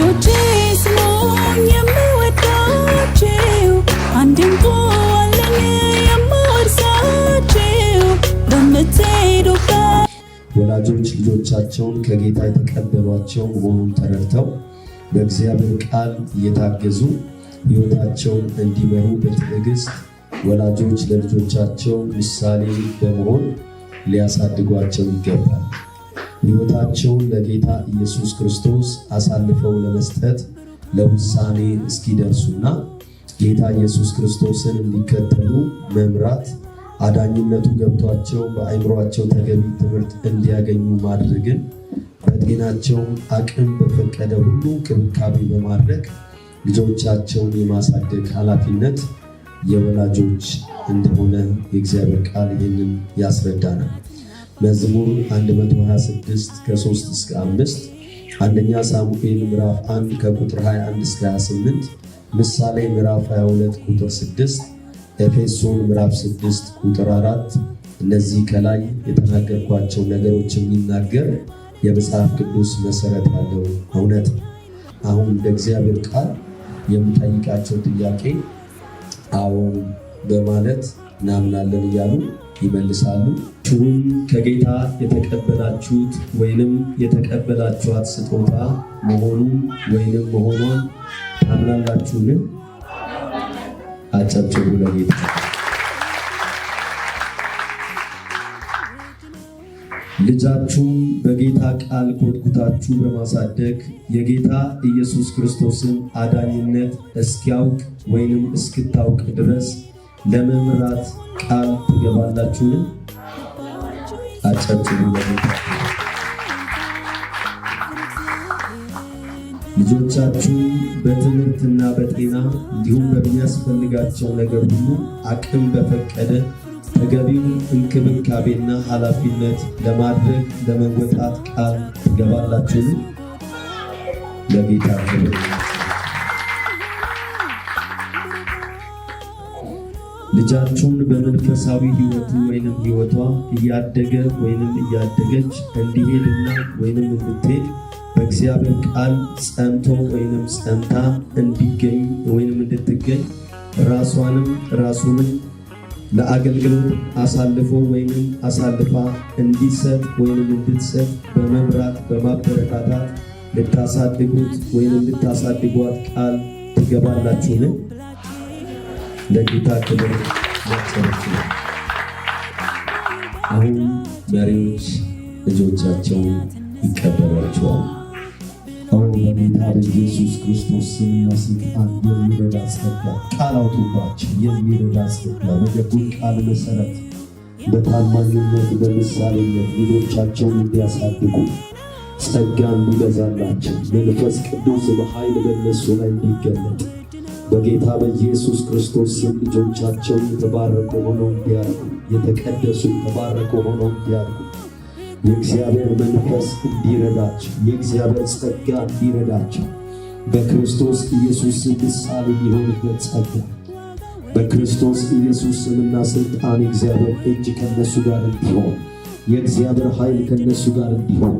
ልጆቼ ስለሆን የምወዳቸው አንድ እንቁ አለኝ በምትሄዱበት። ወላጆች ልጆቻቸውን ከጌታ የተቀበሏቸው መሆኑን ተረድተው በእግዚአብሔር ቃል እየታገዙ ሕይወታቸውን እንዲመሩ በትዕግስት ወላጆች ለልጆቻቸው ምሳሌ በመሆን ሊያሳድጓቸው ይገባል። ሕይወታቸውን ለጌታ ኢየሱስ ክርስቶስ አሳልፈው ለመስጠት ለውሳኔ እስኪደርሱና ጌታ ኢየሱስ ክርስቶስን እንዲከተሉ መምራት አዳኝነቱ ገብቷቸው በአይምሯቸው ተገቢ ትምህርት እንዲያገኙ ማድረግን በጤናቸውም አቅም በፈቀደ ሁሉ ክብካቤ በማድረግ ልጆቻቸውን የማሳደግ ኃላፊነት የወላጆች እንደሆነ የእግዚአብሔር ቃል ይህንን ያስረዳናል። መዝሙር 126 ከ3 እስከ 5፣ አንደኛ ሳሙኤል ምዕራፍ 1 ከቁጥር 21 እስከ 28፣ ምሳሌ ምዕራፍ 22 ቁጥር 6፣ ኤፌሶን ምዕራፍ 6 ቁጥር 4። እነዚህ ከላይ የተናገርኳቸው ነገሮች የሚናገር የመጽሐፍ ቅዱስ መሰረት ያለው እውነት አሁን እንደ እግዚአብሔር ቃል የምጠይቃቸው ጥያቄ አዎን በማለት እናምናለን እያሉ ይመልሳሉ። ችሁም ከጌታ የተቀበላችሁት ወይንም የተቀበላችኋት ስጦታ መሆኑን ወይንም መሆኗን ታምናላችሁን? አጨብጭቡ ለጌታ። ልጃችሁን በጌታ ቃል ኮትኩታችሁ በማሳደግ የጌታ ኢየሱስ ክርስቶስን አዳኝነት እስኪያውቅ ወይንም እስክታውቅ ድረስ ለመምራት ቃል ትገባላችሁን? አጨብጭቡ። ልጆቻችሁ በትምህርትና በጤና እንዲሁም በሚያስፈልጋቸው ነገር ሁሉ አቅም በፈቀደ ተገቢው እንክብካቤና ኃላፊነት ለማድረግ ለመወጣት ቃል ትገባላችሁን? ለጌታ ልጃችሁን በመንፈሳዊ ህይወቱ ወይንም ህይወቷ እያደገ ወይንም እያደገች እንዲሄድና ወይንም እንድትሄድ በእግዚአብሔር ቃል ጸንቶ ወይንም ጸንታ እንዲገኝ ወይንም እንድትገኝ ራሷንም ራሱንም ለአገልግሎት አሳልፎ ወይንም አሳልፋ እንዲሰጥ ወይንም እንድትሰጥ በመምራት በማበረታታት ልታሳድጉት ወይንም ልታሳድጓት ቃል ትገባላችሁን? ለጌታ ክብር ማሰረት ነው። አሁን መሪዎች ልጆቻቸው ይቀበሏቸዋል። አሁን በጌታ በኢየሱስ ክርስቶስ ስምና ስልጣን የሚረዳ አስገባ፣ ቃል አውጡባቸው የሚረዳ አስገባ። በገቡን ቃል መሰረት በታማኝነት በምሳሌነት ልጆቻቸውን እንዲያሳድጉ ጸጋ እንዲበዛላቸው መንፈስ ቅዱስ በኃይል በነሱ ላይ እንዲገለጥ በጌታ በኢየሱስ ክርስቶስ ስም ልጆቻቸው የተባረቁ ሆነው እንዲያርጉ፣ የተቀደሱ የተባረቁ ሆነው እንዲያርጉ፣ የእግዚአብሔር መንፈስ እንዲረዳቸው የእግዚአብሔር ጸጋ እንዲረዳቸው በክርስቶስ ኢየሱስ ምሳሌ የሚሆንበት ጸጋ በክርስቶስ ኢየሱስ ስምና ስልጣን የእግዚአብሔር እጅ ከነሱ ጋር እንዲሆን የእግዚአብሔር ኃይል ከነሱ ጋር እንዲሆን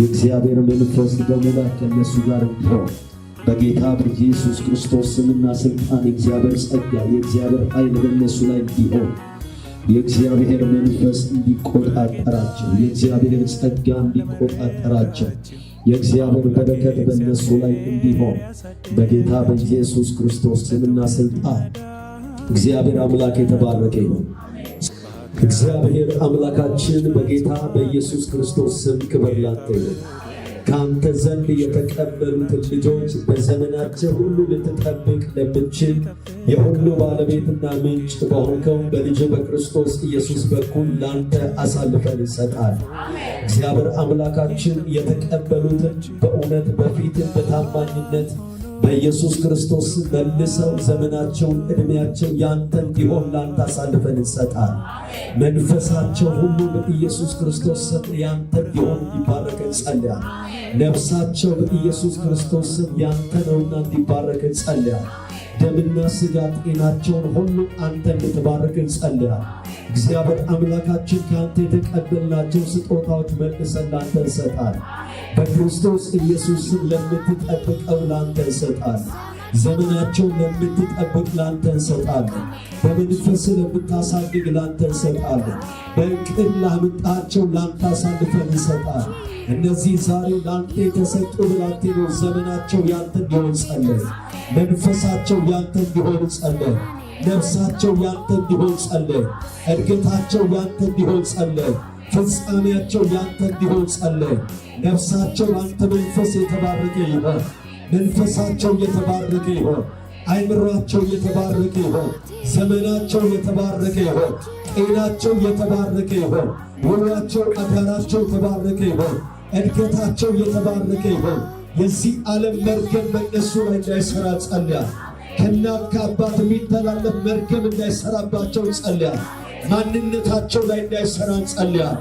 የእግዚአብሔር መንፈስ በሙላት ከነሱ ጋር እንዲሆን በጌታ በኢየሱስ ክርስቶስ ስምና ስልጣን የእግዚአብሔር ጸጋ የእግዚአብሔር ኃይል በእነሱ ላይ እንዲሆን የእግዚአብሔር መንፈስ እንዲቆጣጠራቸው የእግዚአብሔር ጸጋ እንዲቆጣጠራቸው የእግዚአብሔር በረከት በእነሱ ላይ እንዲሆን በጌታ በኢየሱስ ክርስቶስ ስምና ስልጣን እግዚአብሔር አምላክ የተባረከ ነው። እግዚአብሔር አምላካችን በጌታ በኢየሱስ ክርስቶስ ስም ክብር ላንተ ይሁን። ከአንተ ዘንድ የተቀበሉትን ልጆች በዘመናቸው ሁሉ ልትጠብቅ ለምችል የሁሉ ባለቤትና ምንጭ በሆንከው በልጅ በክርስቶስ ኢየሱስ በኩል ለአንተ አሳልፈን ይሰጣል። እግዚአብሔር አምላካችን የተቀበሉትን በእውነት በፊት በታማኝነት በኢየሱስ ክርስቶስ መልሰው ዘመናቸውን ዕድሜያቸው ያንተ እንዲሆን ላንተ አሳልፈን እንሰጣል። መንፈሳቸው ሁሉ በኢየሱስ ክርስቶስ ስም ያንተ እንዲሆን እንዲባረክ እንጸልያል። ነፍሳቸው በኢየሱስ ክርስቶስ ስም ያንተ ነውና እንዲባረክ እንጸልያል። ደምና ስጋ ጤናቸውን ሁሉ አንተ እንድትባረክ እንጸልያል። እግዚአብሔር አምላካችን ከአንተ የተቀበልናቸው ስጦታዎች መልሰን ላንተ እንሰጣል። በክርስቶስ ኢየሱስን ለምትጠብቀው ላንተ እንሰጣል። ዘመናቸውን ለምትጠብቅ ላንተ እንሰጣለን። በመንፈስ ለምታሳድግ ላንተ እንሰጣለን። በእቅድ ላምጣቸው ላንተ አሳልፈን እንሰጣል። እነዚህ ዛሬ ላንተ የተሰጡ ብላቴ ነው። ዘመናቸው ያንተ እንዲሆን ጸለይ። መንፈሳቸው ያንተ እንዲሆን ጸለይ። ነፍሳቸው ያንተ እንዲሆን ጸለይ። እድገታቸው ያንተ እንዲሆን ጸለይ። ፍጻሜያቸው ያንተ እንዲሆን ጸለይ። ነፍሳቸው አንተ መንፈስ የተባረከ ይሆን። መንፈሳቸው የተባረከ ይሆን። አይምሯቸው የተባረከ ይሆን። ዘመናቸው የተባረከ ይሆን። ጤናቸው የተባረከ ይሆን። ውሏቸው፣ አዳራቸው የተባረከ ይሆን። እድገታቸው የተባረከ ይሆን። የዚህ ዓለም መርገም በእነሱ ላይ እንዳይሠራ ጸልያል። ከእናት ከአባት የሚተላለፍ መርገም እንዳይሰራባቸው እንጸልያል። ማንነታቸው ላይ እንዳይሰራ እንጸልያል።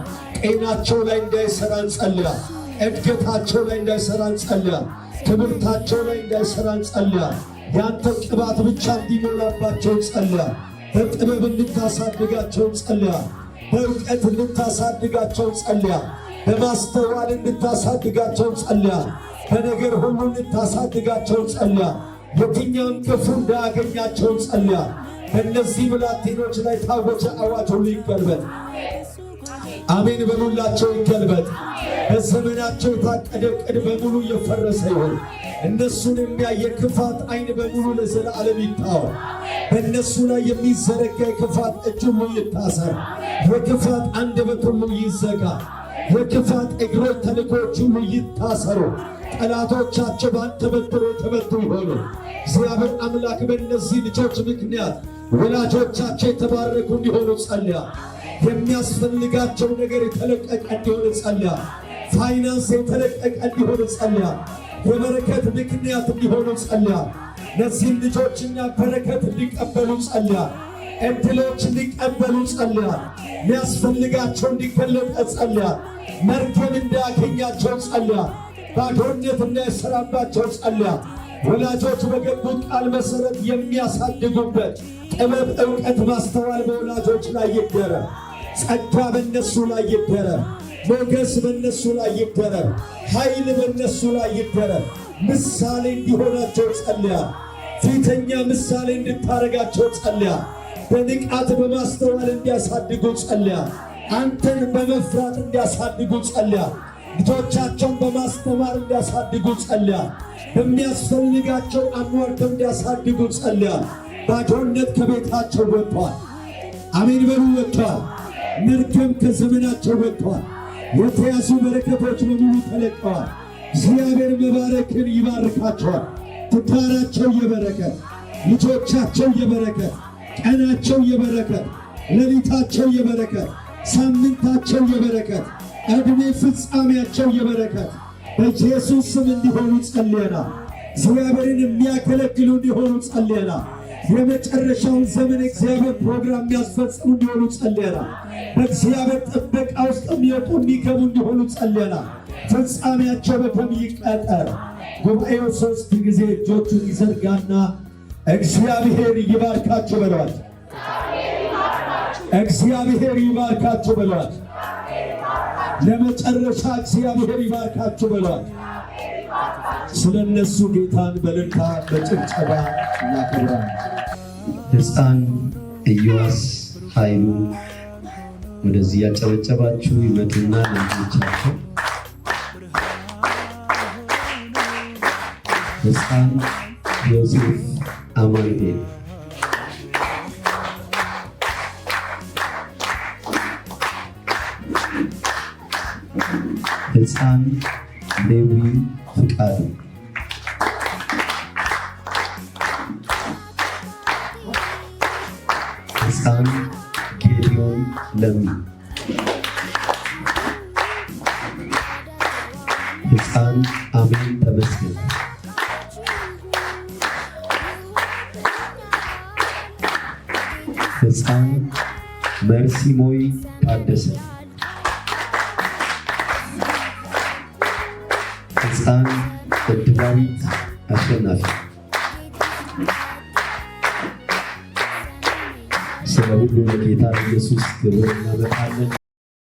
ጤናቸው ላይ እንዳይሰራ እንጸልያል። እድገታቸው ላይ እንዳይሰራ እንጸልያል። ትምህርታቸው ላይ እንዳይሰራ እንጸልያል። ያንተ ቅባት ብቻ እንዲሞላባቸው እንጸልያል። በጥበብ እንድታሳድጋቸው እንጸልያል። በእውቀት እንድታሳድጋቸው እንጸልያል። በማስተዋል እንድታሳድጋቸው እንጸልያል። በነገር ሁሉ እንድታሳድጋቸው እንጸልያል። የትኛውን ክፉ እንዳያገኛቸው ጸልያል። በእነዚህ ብላቴኖች ላይ ታወጀ አዋጅ ሁሉ ይገልበጥ። አሜን በሉላቸው፣ ይገልበጥ። በዘመናቸው የታቀደው ቅድ በሙሉ እየፈረሰ ይሆን። እነሱን የሚያየ ክፋት አይን በሙሉ ለዘላለም ይታወር። በእነሱ ላይ የሚዘረጋ የክፋት እጅ ሁሉ ይታሰር። የክፋት አንደበት ሁሉ ይዘጋ። የክፋት እግሮች ተልእኮች ሁሉ ይታሰሩ። ጠላቶቻቸው ባንተ ተመትሮ የተመቱ ይሆኑ። እግዚአብሔር አምላክ በእነዚህ ልጆች ምክንያት ወላጆቻቸው የተባረኩ እንዲሆኑ ጸልያ። የሚያስፈልጋቸው ነገር የተለቀቀ እንዲሆን ጸልያ። ፋይናንስ የተለቀቀ እንዲሆን ጸልያ። የበረከት ምክንያት እንዲሆኑ ጸልያ። እነዚህም ልጆችና በረከት እንዲቀበሉ ጸልያ። እድሎች እንዲቀበሉ ጸልያ። የሚያስፈልጋቸው እንዲገለጠ ጸልያ። መርገም እንዳያገኛቸው ጸልያ። ባዶነት እንዳይሰራባቸው ጸልያ ወላጆች በገቡት ቃል መሰረት የሚያሳድጉበት ጥበብ፣ እውቀት ማስተዋል በወላጆች ላይ ይደረ ጸጋ በእነሱ ላይ ይደረ፣ ሞገስ በእነሱ ላይ ይደረ፣ ኃይል በእነሱ ላይ ይደረ። ምሳሌ እንዲሆናቸው ጸልያ ፊተኛ ምሳሌ እንድታረጋቸው ጸልያ በንቃት በማስተዋል እንዲያሳድጉ ጸልያ አንተን በመፍራት እንዲያሳድጉ ጸልያ ልጆቻቸውን በማስተማር እንዲያሳድጉ ጸልያል። በሚያስፈልጋቸው አሟርተው እንዲያሳድጉ ጸልያል። ባዶነት ከቤታቸው ወጥቷል። አሜን በሉ ወጥቷል። መርገም ከዘመናቸው ወጥቷል። የተያዙ በረከቶች በሙሉ ተለቀዋል። እግዚአብሔር መባረክን ይባርካቸዋል። ትዳራቸው የበረከ፣ ልጆቻቸው የበረከ፣ ቀናቸው የበረከ፣ ሌሊታቸው የበረከ፣ ሳምንታቸው የበረከት ዕድሜ ፍጻሜያቸው የበረከት በኢየሱስ ስም እንዲሆኑ ጸልየና እግዚአብሔርን የሚያገለግሉ እንዲሆኑ ጸልየና የመጨረሻውን ዘመን እግዚአብሔር ፕሮግራም የሚያስፈጽሙ እንዲሆኑ ጸልየና በእግዚአብሔር ጥበቃ ውስጥ የሚወጡ የሚገቡ እንዲሆኑ ጸልየናል። ፍጻሜያቸው በደም ይቀጠር። ጉባኤው ሶስት ጊዜ እጆቹን ይዘርጋና እግዚአብሔር ይባርካቸው በለዋል። እግዚአብሔር ይባርካቸው በለዋል። ለመጨረሻ እግዚአብሔር ይባርካችሁ ብሏል። ስለ እነሱ ጌታን በልልታ በጭብጨባ እናከብራለን። ሕፃን ኢዮአስ ኃይሉ ወደዚህ ያጨበጨባችሁ ይመጡና ለልጆቻቸው ሕፃን ዮሴፍ አማኑኤል ሳሚ ሌዊ ፍቃዱ ሳሚ ጌዲዮን ለሚ ሕፃን አሜን ተመስገን ሕፃን መርሲሞይ ታደሰ ህፃን እድባዊት አሸናፊ ስለ ሁሉ ለጌታ ኢየሱስ ክብር እናመጣለን።